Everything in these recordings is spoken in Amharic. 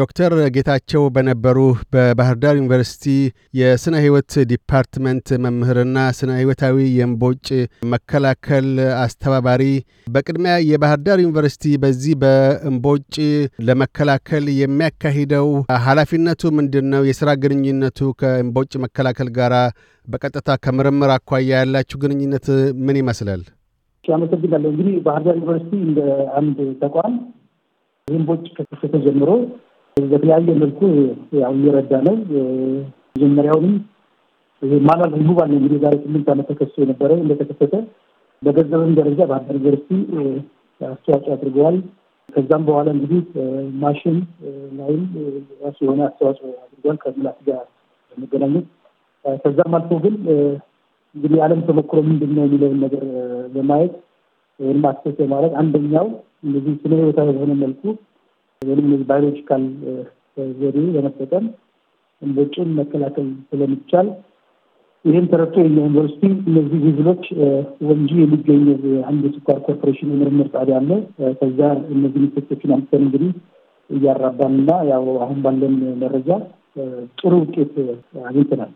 ዶክተር ጌታቸው በነበሩ በባህር ዳር ዩኒቨርሲቲ የስነ ህይወት ዲፓርትመንት መምህርና ስነ ህይወታዊ የእምቦጭ መከላከል አስተባባሪ፣ በቅድሚያ የባህር ዳር ዩኒቨርሲቲ በዚህ በእምቦጭ ለመከላከል የሚያካሂደው ኃላፊነቱ ምንድን ነው? የስራ ግንኙነቱ ከእምቦጭ መከላከል ጋር በቀጥታ ከምርምር አኳያ ያላችሁ ግንኙነት ምን ይመስላል? አመሰግናለሁ። እንግዲህ ባህር ዳር ዩኒቨርሲቲ እንደ አንድ ተቋም የእምቦጭ ከተከሰተ ጀምሮ በተለያየ መልኩ ያው እየረዳ ነው። መጀመሪያውንም ማላል ህዝቡ ባለ እንግዲህ ዛሬ ስምንት ዓመት ተከሶ የነበረ እንደተከሰተ በገንዘብም ደረጃ በአዳር ዩኒቨርሲቲ አስተዋጽኦ አድርገዋል። ከዛም በኋላ እንግዲህ ማሽን ላይም ራሱ የሆነ አስተዋጽኦ አድርገዋል ከሙላት ጋር በመገናኘት ከዛም አልፎ ግን እንግዲህ የዓለም ተሞክሮ ምንድን ነው የሚለውን ነገር በማየት ወይም አስተሰ ማለት አንደኛው እንግዲህ ስነ ህይወታዊ በሆነ መልኩ ወይም ባዮሎጂካል ዘዴ በመጠቀም እንቦጭን መከላከል ስለሚቻል ይህም ተረድቶ የኛ ዩኒቨርሲቲ እነዚህ ጉዝሎች ወንጂ የሚገኘው አንድ ስኳር ኮርፖሬሽን የምርምር ጣቢያ አለ። ከዛ እነዚህ ምሰቶችን አንስተን እንግዲህ እያራባን እያራባንና ያው አሁን ባለን መረጃ ጥሩ ውጤት አግኝተናል።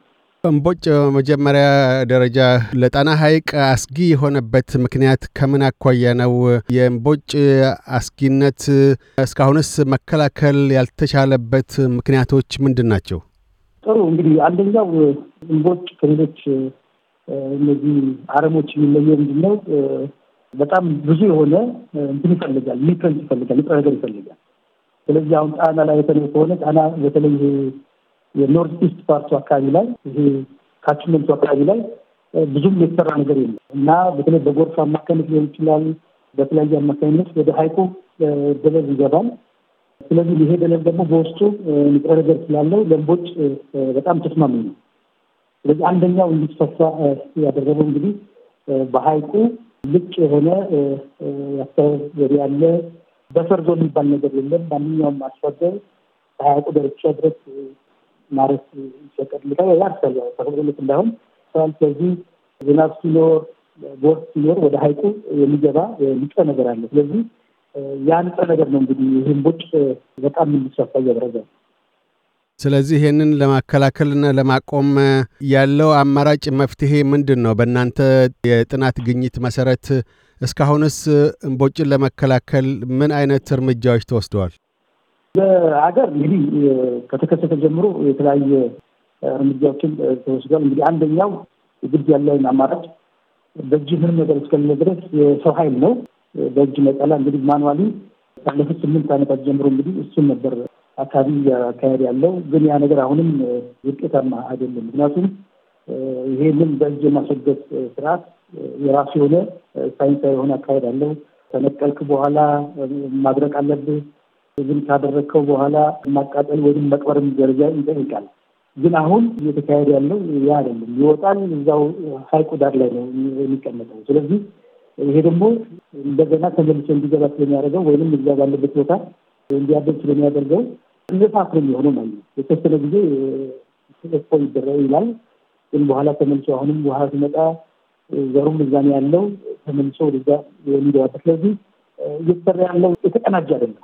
እምቦጭ መጀመሪያ ደረጃ ለጣና ሐይቅ አስጊ የሆነበት ምክንያት ከምን አኳያ ነው? የእምቦጭ አስጊነት እስካሁንስ መከላከል ያልተቻለበት ምክንያቶች ምንድን ናቸው? ጥሩ እንግዲህ አንደኛው እምቦጭ ከሌሎች እነዚህ አረሞች የሚለየው ምንድን ነው? በጣም ብዙ የሆነ እንትን ይፈልጋል፣ ኒውትረንት ይፈልጋል፣ ንጥረ ነገር ይፈልጋል። ስለዚህ አሁን ጣና ላይ በተለይ ከሆነ ጣና በተለይ የኖርዝ ኢስት ፓርቱ አካባቢ ላይ ይሄ ካችመንቱ አካባቢ ላይ ብዙም የተሰራ ነገር የለም እና በተለይ በጎርፍ አማካኝነት ሊሆን ይችላል፣ በተለያየ አማካኝነት ወደ ሀይቁ ደለል ይገባል። ስለዚህ ይሄ ደለል ደግሞ በውስጡ ንጥረ ነገር ስላለው ለእምቦጭ በጣም ተስማሚ ነው። ስለዚህ አንደኛው እንዲስፋፋ ያደረገው እንግዲህ በሀይቁ ልቅ የሆነ የአስተራረስ ያለ በፈርዞ የሚባል ነገር የለም። ማንኛውም አርሶ በሀይቁ ድረስ ማረስ ይፈቀድልታል ወይ አርሰል ተፈቅዶለት እንዳሁን ሰዋል። ስለዚህ ዝናብ ሲኖር ጎርፍ ሲኖር ወደ ሀይቁ የሚገባ ንጥረ ነገር አለ። ስለዚህ ያ ንጥረ ነገር ነው እንግዲህ ይህም ቦጭ በጣም እንዲስፋፋ እያደረገ ስለዚህ ይህንን ለማከላከልና ለማቆም ያለው አማራጭ መፍትሄ ምንድን ነው? በእናንተ የጥናት ግኝት መሰረት እስካሁንስ እምቦጭን ለመከላከል ምን አይነት እርምጃዎች ተወስደዋል? በሀገር እንግዲህ ከተከሰተ ጀምሮ የተለያየ እርምጃዎችን ተወስዷል። እንግዲህ አንደኛው ግድ ያለውን አማራጭ በእጅ ምንም ነገር እስከሌለ ድረስ የሰው ኃይል ነው። በእጅ መጠላ እንግዲህ ማኑዋሊ ካለፉት ስምንት ዓመታት ጀምሮ እንግዲህ እሱን ነበር አካባቢ አካሄድ ያለው ግን ያ ነገር አሁንም ውጤታማ አይደለም። ምክንያቱም ይሄንን በእጅ የማስወገድ ስርዓት የራሱ የሆነ ሳይንሳዊ የሆነ አካሄድ አለው። ተነቀልክ በኋላ ማድረቅ አለብህ ግን ካደረግከው በኋላ ማቃጠል ወይም መቅበርም ደረጃ ይጠይቃል። ግን አሁን እየተካሄደ ያለው ያ አይደለም። ይወጣል፣ እዛው ሀይቁ ዳር ላይ ነው የሚቀመጠው። ስለዚህ ይሄ ደግሞ እንደገና ተመልሶ እንዲገባ ስለሚያደርገው ወይም እዛ ባለበት ቦታ እንዲያደር ስለሚያደርገው እንፋት ነው የሚሆነው ማለት ነው። የተወሰነ ጊዜ ስለፎ ይደረ ይላል። ግን በኋላ ተመልሶ አሁንም ውሃ ሲመጣ ዘሩም እዛም ያለው ተመልሶ ወደዛ የሚገባበት። ስለዚህ እየተሰራ ያለው የተቀናጀ አይደለም።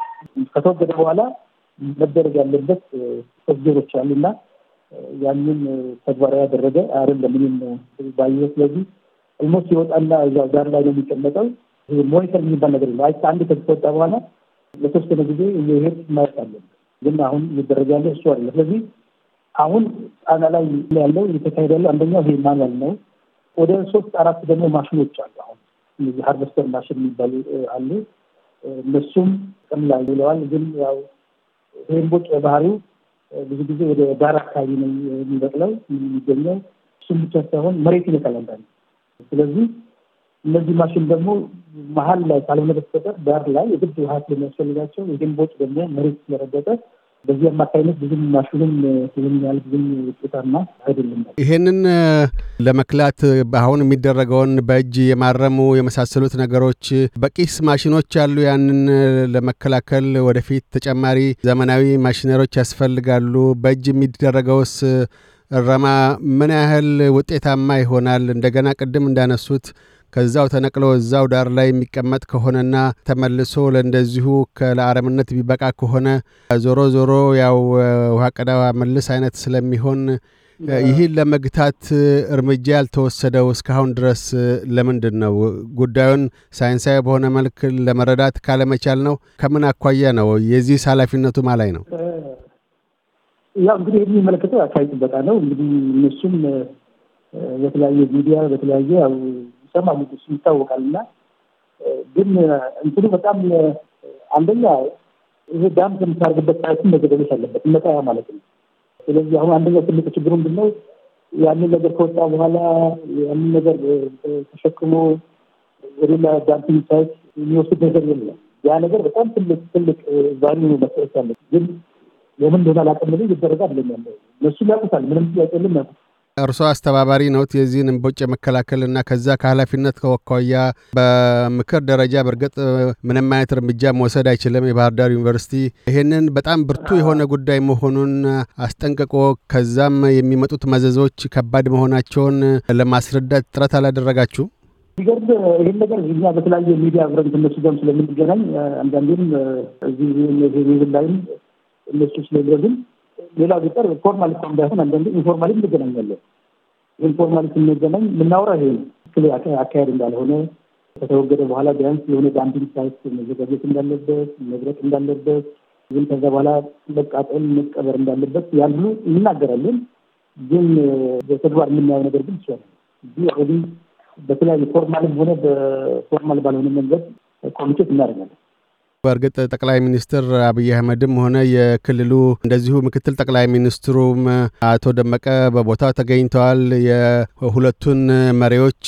ከተወገደ በኋላ መደረግ ያለበት ተግባሮች አሉና ያንን ተግባራዊ ያደረገ አይደለም። ምንም ባየ ስለዚህ ኦልሞስት ይወጣና እዛው ዳር ላይ ነው የሚቀመጠው። ሞኒተር የሚባል ነገር የለም። አንድ ከተወጣ በኋላ ለተወሰነ ጊዜ እየሄድ ማየት አለን። ግን አሁን እየደረገ ያለ እሱ አለ። ስለዚህ አሁን ጣና ላይ ያለው እየተካሄደ ያለው አንደኛው ይሄ ማንዋል ነው። ወደ ሶስት አራት ደግሞ ማሽኖች አሉ። አሁን እነዚህ ሃርቨስተር ማሽን የሚባሉ አሉ። እነሱም ጥቅም ላይ ይውለዋል። ግን ያው ሬንቦጭ በባህሪው ብዙ ጊዜ ወደ ዳር አካባቢ ነው የሚበቅለው የሚገኘው። እሱም ብቻ ሳይሆን መሬት ይነቀላል። ስለዚህ እነዚህ ማሽን ደግሞ መሀል ላይ ካልሆነ በስተቀር ዳር ላይ የግድ ውሃ ስለሚያስፈልጋቸው የሬንቦጭ ደግሞ መሬት ስለረገጠ በዚህ አማካኝነት ብዙም ማሽኑም ይህን ያህል ብዙም ውጤታማ አይደለም። ይሄንን ለመክላት አሁን የሚደረገውን በእጅ የማረሙ የመሳሰሉት ነገሮች በቂስ ማሽኖች አሉ። ያንን ለመከላከል ወደፊት ተጨማሪ ዘመናዊ ማሽነሮች ያስፈልጋሉ። በእጅ የሚደረገውስ እረማ ምን ያህል ውጤታማ ይሆናል? እንደገና ቅድም እንዳነሱት ከዛው ተነቅሎ እዛው ዳር ላይ የሚቀመጥ ከሆነና ተመልሶ ለእንደዚሁ ለአረምነት ቢበቃ ከሆነ ዞሮ ዞሮ ያው ውሃ ቀዳ መልስ አይነት ስለሚሆን ይህን ለመግታት እርምጃ ያልተወሰደው እስካሁን ድረስ ለምንድን ነው? ጉዳዩን ሳይንሳዊ በሆነ መልክ ለመረዳት ካለመቻል ነው? ከምን አኳያ ነው? የዚህ ኃላፊነቱ ማላይ ነው? ያው እንግዲህ የሚመለከተው አካባቢ ጥበቃ ነው። እንግዲህ እነሱም በተለያየ ሚዲያ በተለያየ ሲሰማ ንጉስ ይታወቃል። እና ግን እንትኑ በጣም አንደኛ ይሄ ዳም ከምታደርግበት ታይትም መገደሎች አለበት መጣያ ማለት ነው። ስለዚህ አሁን አንደኛው ትልቅ ችግሩ ምንድነው? ያንን ነገር ከወጣ በኋላ ያንን ነገር ተሸክሞ ወደላ ዳምፒንግ ሳይት የሚወስድ ነገር የለም። ያ ነገር በጣም ትልቅ ትልቅ ቫሉ መሰረት አለ። ግን ለምን እንደሆነ አላቀምለ ይደረጋ ለኛለ እነሱ ያውቁታል። ምንም ጥያቄ የለም ያውቁት እርሶ አስተባባሪ ነውት የዚህን እምቦጭ የመከላከልና ከዛ ከኃላፊነት ከወኳያ በምክር ደረጃ በእርግጥ ምንም አይነት እርምጃ መውሰድ አይችልም የባህር ዳር ዩኒቨርሲቲ። ይህንን በጣም ብርቱ የሆነ ጉዳይ መሆኑን አስጠንቅቆ ከዛም የሚመጡት መዘዞች ከባድ መሆናቸውን ለማስረዳት ጥረት አላደረጋችሁ? ሲገርም ይህን ነገር እኛ በተለያየ ሚዲያ አብረን ከእነሱ ጋርም ስለምንገናኝ አንዳንዴም እዚህ ላይም እነሱ ስለሚረግም ሌላ ቢቀር ፎርማል እኮ እንዳይሆን አንዳንዴ ኢንፎርማሊ እንገናኛለን። ኢንፎርማሊ ስንገናኝ የምናወራ ይሄ ክል አካሄድ እንዳልሆነ ከተወገደ በኋላ ቢያንስ የሆነ ዳምፒንግ ሳይት መዘጋጀት እንዳለበት፣ መብረቅ እንዳለበት፣ ግን ከዛ በኋላ መቃጠል መቀበር እንዳለበት ያሉ እንናገራለን። ግን በተግባር የምናየው ነገር ግን ይችላል ኦልሬዲ በተለያዩ ፎርማልም ሆነ በፎርማል ባልሆነ መንገድ ኮሚቴት እናደርጋለን። በእርግጥ ጠቅላይ ሚኒስትር አብይ አህመድም ሆነ የክልሉ እንደዚሁ ምክትል ጠቅላይ ሚኒስትሩም አቶ ደመቀ በቦታው ተገኝተዋል። የሁለቱን መሪዎች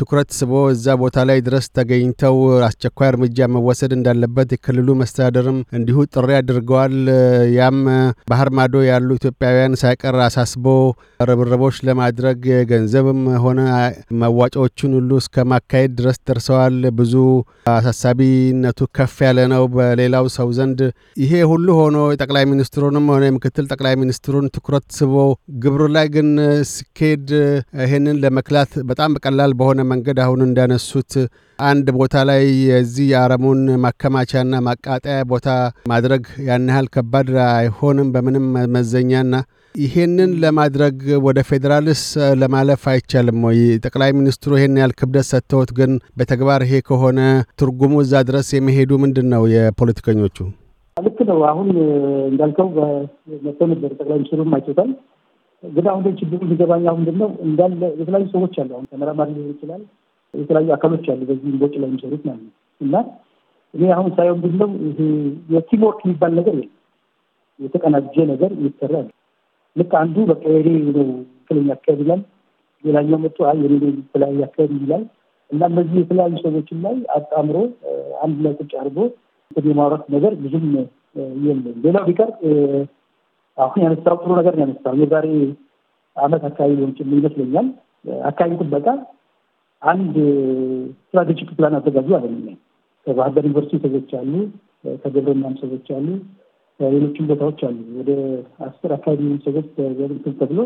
ትኩረት ስቦ እዛ ቦታ ላይ ድረስ ተገኝተው አስቸኳይ እርምጃ መወሰድ እንዳለበት የክልሉ መስተዳደርም እንዲሁ ጥሪ አድርገዋል። ያም ባህር ማዶ ያሉ ኢትዮጵያውያን ሳይቀር አሳስቦ ርብርቦች ለማድረግ ገንዘብም ሆነ መዋጮዎቹን ሁሉ እስከ ማካሄድ ድረስ ደርሰዋል። ብዙ አሳሳቢነቱ ከፍ ያለ ያለ ነው በሌላው ሰው ዘንድ። ይሄ ሁሉ ሆኖ የጠቅላይ ሚኒስትሩንም ሆነ የምክትል ጠቅላይ ሚኒስትሩን ትኩረት ስቦ ግብሩ ላይ ግን ስኬድ ይህንን ለመክላት በጣም በቀላል በሆነ መንገድ አሁን እንዳነሱት አንድ ቦታ ላይ የዚህ የአረሙን ማከማቻና ማቃጠያ ቦታ ማድረግ ያን ያህል ከባድ አይሆንም በምንም መመዘኛና ይሄንን ለማድረግ ወደ ፌዴራልስ ለማለፍ አይቻልም ወይ? ጠቅላይ ሚኒስትሩ ይሄን ያህል ክብደት ሰጥተውት፣ ግን በተግባር ይሄ ከሆነ ትርጉሙ እዛ ድረስ የመሄዱ ምንድን ነው? የፖለቲከኞቹ ልክ ነው። አሁን እንዳልከው መጥተው ነበር ጠቅላይ ሚኒስትሩም አይቶታል። ግን አሁን ችግሩ ሊገባኝ አሁን ምንድን ነው እንዳለ የተለያዩ ሰዎች አሉ። አሁን ተመራማሪ ሊሆን ይችላል፣ የተለያዩ አካሎች አሉ በዚህ ቦጭ ላይ የሚሰሩት ማለት ነው። እና እኔ አሁን ሳየው ምንድን ነው ይሄ የቲምወርክ የሚባል ነገር የለም። የተቀናጀ ነገር የሚሰራ ልክ አንዱ በቃ ነው ክልኛ አካባቢ ይላል፣ ሌላኛው መጡ የኔ ነው የተለያዩ አካባቢ ይላል እና እነዚህ የተለያዩ ሰዎችን ላይ አጣምሮ አንድ ላይ ቁጭ አድርጎ የማውራት ነገር ብዙም የለም። ሌላው ቢቀር አሁን ያነሳው ጥሩ ነገር ነው ያነሳው የዛሬ አመት አካባቢ ሊሆን ይመስለኛል አካባቢ ጥበቃ አንድ ስትራቴጂክ ፕላን አዘጋጁ አለኝ። ከባህር ዳር ዩኒቨርሲቲ ሰዎች አሉ፣ ከግብርናም ሰዎች አሉ ሌሎችም ቦታዎች አሉ። ወደ አስር አካባቢ የሚሆኑ ሰዎች በግልክል ተብሎ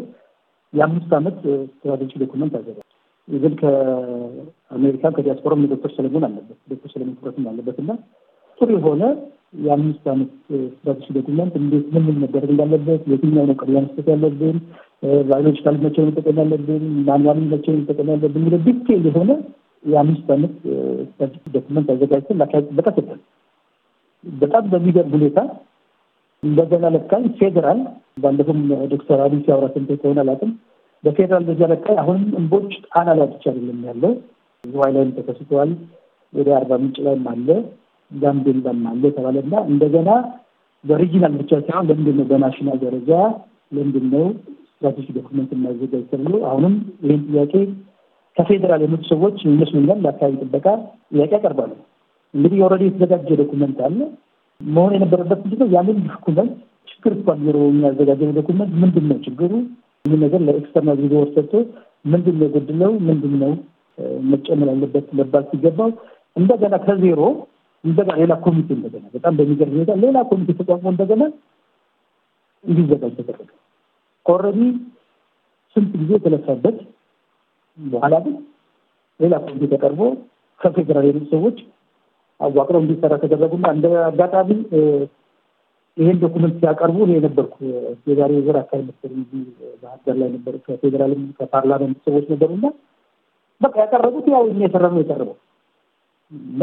የአምስት ዓመት ስትራቴጂ ዶኩመንት አዘጋጅ ይግል ከአሜሪካ ከዲያስፖራ ዶክተር ሰለሞን አለበት ዶክተር ሰለሞን ትኩረትም አለበት እና ጥሩ የሆነ የአምስት ዓመት ስትራቴጂ ዶኩመንት እንዴት ምን ምን መደረግ እንዳለበት፣ የትኛው ነው ቅድሚያ መስጠት ያለብን፣ ባዮሎጂካል መቼ መጠቀም ያለብን፣ ማንዋል መቼ መጠቀም ያለብን የሚለ ዲቴል የሆነ የአምስት ዓመት ስትራቴጂ ዶኩመንት አዘጋጅተን ለአካባቢ ጥበቃ ሰጠን። በጣም በሚገርም ሁኔታ እንደገና ለካኝ ፌዴራል ባለፉም ዶክተር አብይ ሲያወራ ሰምተህ ከሆነ አላውቅም። በፌዴራል ደረጃ ለካኝ አሁንም እንቦች ጣና ላይ ብቻ አይደለም ያለው፣ ዝዋይ ላይም ተከስተዋል። ወደ አርባ ምንጭ ላይም አለ፣ ጋምቤላም አለ ተባለና እንደገና በሪጂናል ብቻ ሳይሆን ለምንድን ነው በናሽናል ደረጃ ለምንድን ነው ስትራቴጂ ዶክመንት የማይዘጋጅ ተብሎ አሁንም ይህን ጥያቄ ከፌዴራል የመጡ ሰዎች ይመስሉኛል ለአካባቢ ጥበቃ ጥያቄ ያቀርባሉ። እንግዲህ የኦልሬዲ የተዘጋጀ ዶክመንት አለ መሆን የነበረበት ምንድን ነው? ያንን ዶኩመንት ችግር እኳ ቢሮ የሚያዘጋጀው ዶኩመንት ምንድን ነው ችግሩ? ይህ ነገር ለኤክስተርናል ሪዞር ሰጥቶ ምንድን ነው የጎደለው? ምንድን ነው መጨመር ያለበት መባል ሲገባው እንደገና ከዜሮ እንደገና ሌላ ኮሚቴ እንደገና በጣም በሚገርም ሁኔታ ሌላ ኮሚቴ ተቋቁሞ እንደገና እንዲዘጋጅ ተደረገ። ኦልሬዲ ስንት ጊዜ የተለፋበት በኋላ ግን ሌላ ኮሚቴ ተቀርቦ ከፌዴራል የሚ ሰዎች አዋቅረው እንዲሰራ ተደረጉና እንደ አጋጣሚ ይሄን ዶኩመንት ሲያቀርቡ እኔ የነበርኩ የዛሬ ወር አካባቢ መሰለኝ እዚህ ባህር ዳር ላይ ነበር። ከፌዴራልም ከፓርላመንት ሰዎች ነበሩና በቃ ያቀረቡት ያው እኛ የሰራነው የቀረበው እና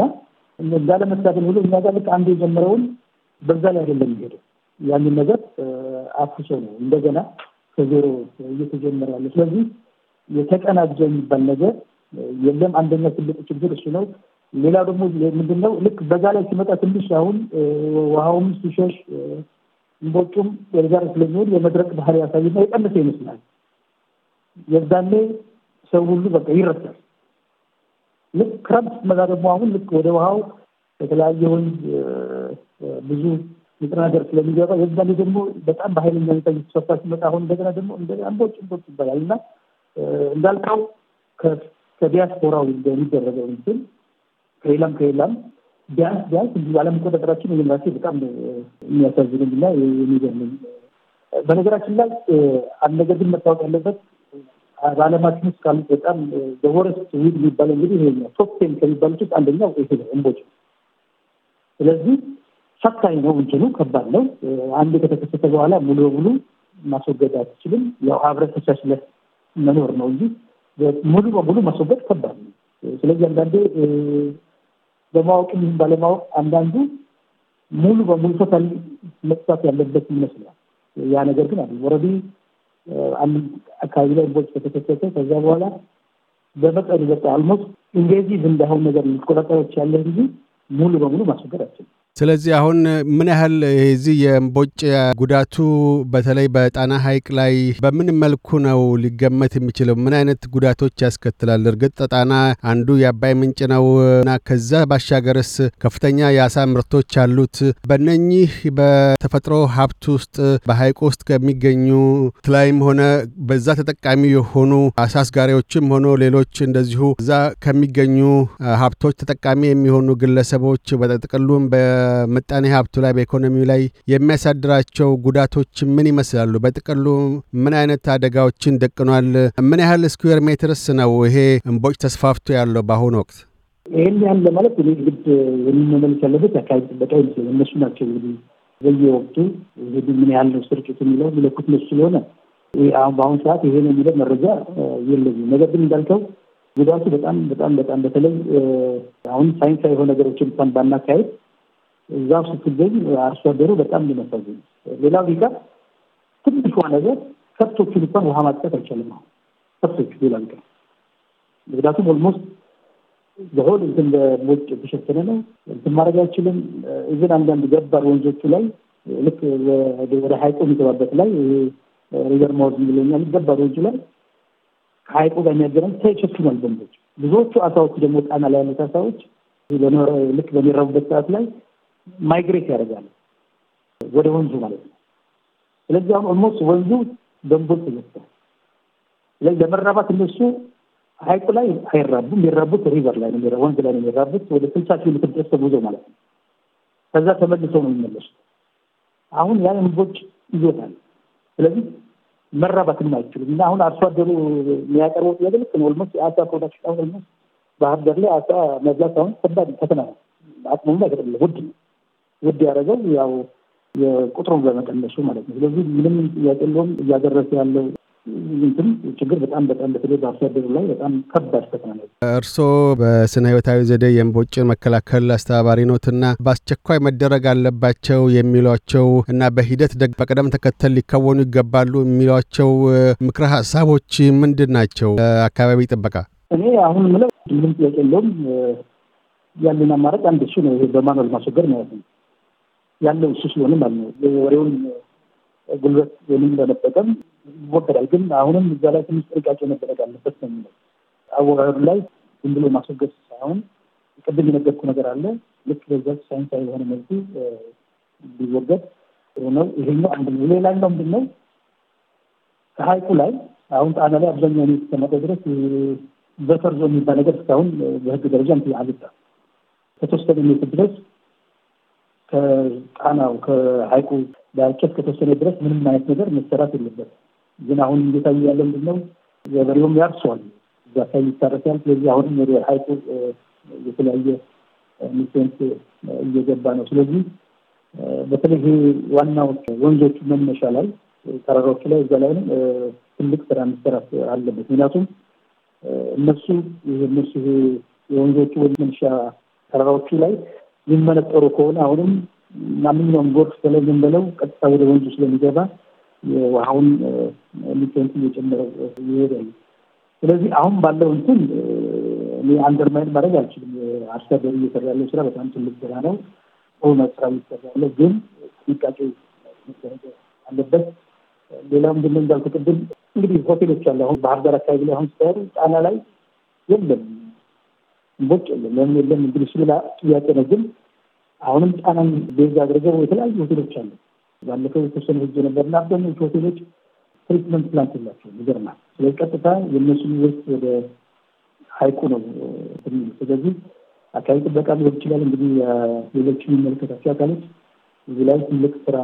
እዛ ለመሳተል ብሎ እኛ ጋር ልክ አንዱ የጀመረውን በዛ ላይ አይደለም የሚሄደው ያንን ነገር አፍሶ ነው እንደገና ከዜሮ እየተጀመረ ያለ። ስለዚህ የተቀናጀ የሚባል ነገር የለም። አንደኛ ትልቁ ችግር እሱ ነው። ሌላው ደግሞ ምንድን ነው ልክ በጋ ላይ ሲመጣ ትንሽ አሁን ውሃውም ሲሸሽ እንቦጩም ወደዛር ስለሚሆን የመድረቅ ባህሪ ያሳይና የቀነሰ ይመስላል። የዛኔ ሰው ሁሉ በቃ ይረሳል። ልክ ክረምት ስትመጣ ደግሞ አሁን ልክ ወደ ውሃው የተለያየ ወንዝ ብዙ ንጥረ ነገር ስለሚገባ የዛኔ ደግሞ በጣም በኃይለኛ ሁኔታ እየተስፋፋ ሲመጣ አሁን እንደገና ደግሞ እንደገና እንቦጭ እንቦጭ ይባላል እና እንዳልከው ከዲያስፖራው የሚደረገው እንትን ከሌላም ከሌላም ቢያንስ ቢያንስ እንዲህ ባለመቆጣጠራችን ዩኒቨርሲቲ በጣም የሚያሳዝንም እና የሚገርምም በነገራችን ላይ አንድ ነገር ግን መታወቅ ያለበት በዓለማችን ውስጥ ካሉት በጣም በወረስ ዊድ የሚባለው እንግዲህ ይሄኛው ቶፕ ቴን ከሚባሉት ውስጥ አንደኛው ይሄ ነው እምቦጭ። ስለዚህ ፈታኝ ነው፣ እንትኑ ከባድ ነው። አንድ ከተከሰተ በኋላ ሙሉ በሙሉ ማስወገድ አትችልም። ያው አብረህ ተቻችለህ መኖር ነው እንጂ ሙሉ በሙሉ ማስወገድ ከባድ ነው። ስለዚህ አንዳንዴ በማወቅ ይሁን ባለማወቅ አንዳንዱ ሙሉ በሙሉ ቶታል መጥፋት ያለበት ይመስላል። ያ ነገር ግን አለ ወረዲ አንድ አካባቢ ላይ ቦች በተከሰተ ከዛ በኋላ በመጠኑ በጣ አልሞስት እንደዚህ እንዳሁን ነገር ሊቆጣጠሮች ያለ ጊዜ ሙሉ በሙሉ ማስወገድ አችልም። ስለዚህ አሁን ምን ያህል የዚህ የእምቦጭ ጉዳቱ በተለይ በጣና ሐይቅ ላይ በምን መልኩ ነው ሊገመት የሚችለው? ምን አይነት ጉዳቶች ያስከትላል? እርግጥ ጣና አንዱ የአባይ ምንጭ ነው እና ከዛ ባሻገርስ ከፍተኛ የአሳ ምርቶች አሉት። በነኚህ በተፈጥሮ ሀብት ውስጥ በሐይቁ ውስጥ ከሚገኙ ትላይም ሆነ በዛ ተጠቃሚ የሆኑ አሳ አስጋሪዎችም ሆኖ ሌሎች እንደዚሁ እዛ ከሚገኙ ሀብቶች ተጠቃሚ የሚሆኑ ግለሰቦች በጥቅሉም በ በምጣኔ ሀብቱ ላይ በኢኮኖሚው ላይ የሚያሳድራቸው ጉዳቶች ምን ይመስላሉ? በጥቅሉ ምን አይነት አደጋዎችን ደቅኗል? ምን ያህል ስኩዌር ሜትርስ ነው ይሄ እምቦጭ ተስፋፍቶ ያለው በአሁኑ ወቅት? ይህን ያህል ለማለት እኔ ግድ የሚመመልስ ያለበት አካባቢ ጥበቃ ይመስለኛል። እነሱ ናቸው እንግዲህ በየወቅቱ እንግዲህ ምን ያህል ነው ስርጭት የሚለው ሚለኩት እነሱ ስለሆነ በአሁኑ ሰዓት ይሄ ነው የሚለው መረጃ የለኝም። ነገር ግን እንዳልከው ጉዳቱ በጣም በጣም በጣም በተለይ አሁን ሳይንሳዊ የሆነ ነገሮችን እንኳን ባናካሄድ እዛም ስትገኝ አርሶ አደሩ በጣም ሊመሰግ ሌላው ቢቀር ትንሿ ነገር ከብቶቹ እንኳን ውሃ ማጥቀት አይቻልም። አሁን ከብቶቹ ሌላ ቢቀር ምክንያቱም ኦልሞስት በሆድ እንትን በሞጭ የተሸፈነ ነው። እንትን ማድረግ አይችልም። እዝን አንዳንድ ገባር ወንዞቹ ላይ ልክ ወደ ሀይቆ የሚገባበት ላይ ሪቨር ማወዝ የሚለኛል ገባር ወንዙ ላይ ከሀይቆ ጋር የሚያገናኝ ተሸፍኗል ዘንቦች። ብዙዎቹ አሳዎች ደግሞ ጣና ላይ ያሉት አሳዎች ልክ በሚረቡበት ሰዓት ላይ ማይግሬት ያደርጋል ወደ ወንዙ ማለት ነው። ስለዚህ አሁን ኦልሞስት ወንዙ ገንቦል ተዘግቷል። ስለዚህ ለመራባት እነሱ ሀይቁ ላይ አይራቡም። የሚራቡት ሪቨር ላይ ነው፣ ወንዝ ላይ ነው የሚራቡት። ወደ ስልሳ ኪሎ ሜትር ድረስ ተጉዞ ማለት ነው። ከዛ ተመልሰው ነው የሚመለሱት። አሁን ያን እንቦጭ ይዞታል። ስለዚህ መራባትም አይችሉም እና አሁን አርሶ አደሩ የሚያቀርበው ጥያቄ ልክ ነው። ኦልሞስት የአሳ ፕሮዳክሽን አሁን ኦልሞስት ባህር ዳር ላይ አሳ መብላት አሁን ከባድ ፈተና ነው። አቅሙም አይፈቅድልህ፣ ውድ ነው። ውድ ያደረገው ያው የቁጥሩን በመቀነሱ ማለት ነው። ስለዚህ ምንም ጥያቄ የለውም እያደረሰ ያለው ይህም ችግር በጣም በጣም በተለይ ላይ በጣም ከባድ ፈተና ነው። እርስዎ በስነ ህይወታዊ ዘዴ የእምቦጭን መከላከል አስተባባሪ ኖትና በአስቸኳይ መደረግ አለባቸው የሚሏቸው እና በሂደት ደግ በቅደም ተከተል ሊከወኑ ይገባሉ የሚሏቸው ምክረ ሀሳቦች ምንድን ናቸው? አካባቢ ጥበቃ እኔ አሁን ምለው ምንም ጥያቄ የለውም ያለን አማራጭ አንድ እሱ ነው። ይሄ በማኖል ማስወገድ ማለት ነው። ያለው እሱ ስለሆነ ማለት ነው የወሬውን ጉልበት ወይም በመጠቀም ይወገዳል። ግን አሁንም እዛ ላይ ትንሽ ጥንቃቄ መደረግ አለበት ነው የሚለው አወራሩ ላይ ዝም ብሎ ማስወገድ ሳይሆን ቅድም የነገርኩ ነገር አለ ልክ በዛ ሳይንሳዊ የሆነ መልኩ ሊወገድ ጥሩ ነው። ይሄኛው አንድ ነው። ሌላኛው ምንድን ነው ከሀይቁ ላይ አሁን ጣና ላይ አብዛኛው የተቀመጠው ድረስ በፈርዞ የሚባል ነገር እስካሁን በህግ ደረጃ እንትን አልወጣም። ከተወሰነ ሜትር ድረስ ከጣናው ከሀይቁ ዳርቻ ከተወሰነ ድረስ ምንም አይነት ነገር መሰራት የለበት። ግን አሁን እየታየ ያለ ምንድን ነው? ገበሬውም ያርሰዋል፣ እዛ አካባቢ ይታረሳል። ስለዚህ አሁንም ወደ ሀይቁ የተለያየ ኒሴንት እየገባ ነው። ስለዚህ በተለይ ይሄ ዋናው ወንዞቹ መነሻ ላይ ተራራዎቹ ላይ እዛ ላይም ትልቅ ስራ መሰራት አለበት። ምክንያቱም እነሱ እነሱ የወንዞቹ ወደ መነሻ ተራራዎቹ ላይ የሚመነጠሩ ከሆነ አሁንም ማንኛውም ጎርፍ ተለዝም ብለው ቀጥታ ወደ ወንዙ ስለሚገባ የውሃውን ሊቴንቲ እየጨመረ ይሄዳል። ስለዚህ አሁን ባለው እንትን እኔ አንደርማይን ማድረግ አልችልም። አስተዳደሩ እየሰራ ያለው ስራ በጣም ትልቅ ስራ ነው። ሆነ ስራ እየሰራ ያለ ግን ጥንቃቄ አለበት። ሌላው ምንድነው እንዳልኩ ቅድም እንግዲህ ሆቴሎች አለ አሁን ባህር ዳር አካባቢ ላይ አሁን ሲታሩ ጣና ላይ የለም ቦጭ የለም የለም እንግዲህ እሱ ሌላ ጥያቄ ነው። ግን አሁንም ጣናን ቤዝ አድርገው የተለያዩ ሆቴሎች አሉ። ባለፈው የተወሰነ ህዝ ነበር ነበርና አብዛኞቹ ሆቴሎች ትሪትመንት ፕላንት የላቸው ይገርማል። ስለዚህ ቀጥታ የእነሱ ውስጥ ወደ ሀይቁ ነው ትንሉ። ስለዚህ አካባቢ ጥበቃ ሊሆን ይችላል እንግዲህ ሌሎች የሚመለከታቸው አካሎች እዚህ ላይ ትልቅ ስራ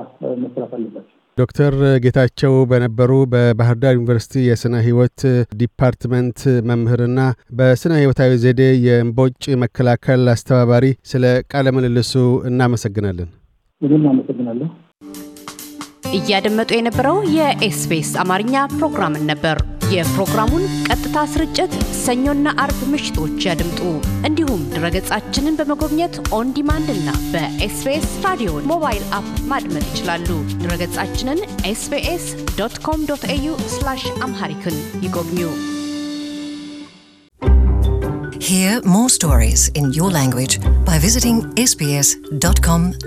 መስራት አለባቸው። ዶክተር ጌታቸው በነበሩ በባህር ዳር ዩኒቨርሲቲ የስነ ህይወት ዲፓርትመንት መምህርና በስነ ህይወታዊ ዘዴ የእምቦጭ መከላከል አስተባባሪ፣ ስለ ቃለ ምልልሱ እናመሰግናለን። እያደመጡ የነበረው የኤስፔስ አማርኛ ፕሮግራምን ነበር። የፕሮግራሙን ቀጥታ ስርጭት ሰኞና አርብ ምሽቶች ያድምጡ። እንዲሁም ድረገጻችንን በመጎብኘት ኦን ዲማንድ እና በኤስቤስ ራዲዮን ሞባይል አፕ ማድመጥ ይችላሉ። ድረገጻችንን ኤስቤስ ዶት ኮም ዶት ኤዩ አምሃሪክን ይጎብኙ። Hear more stories in your language by visiting sbs.com.au.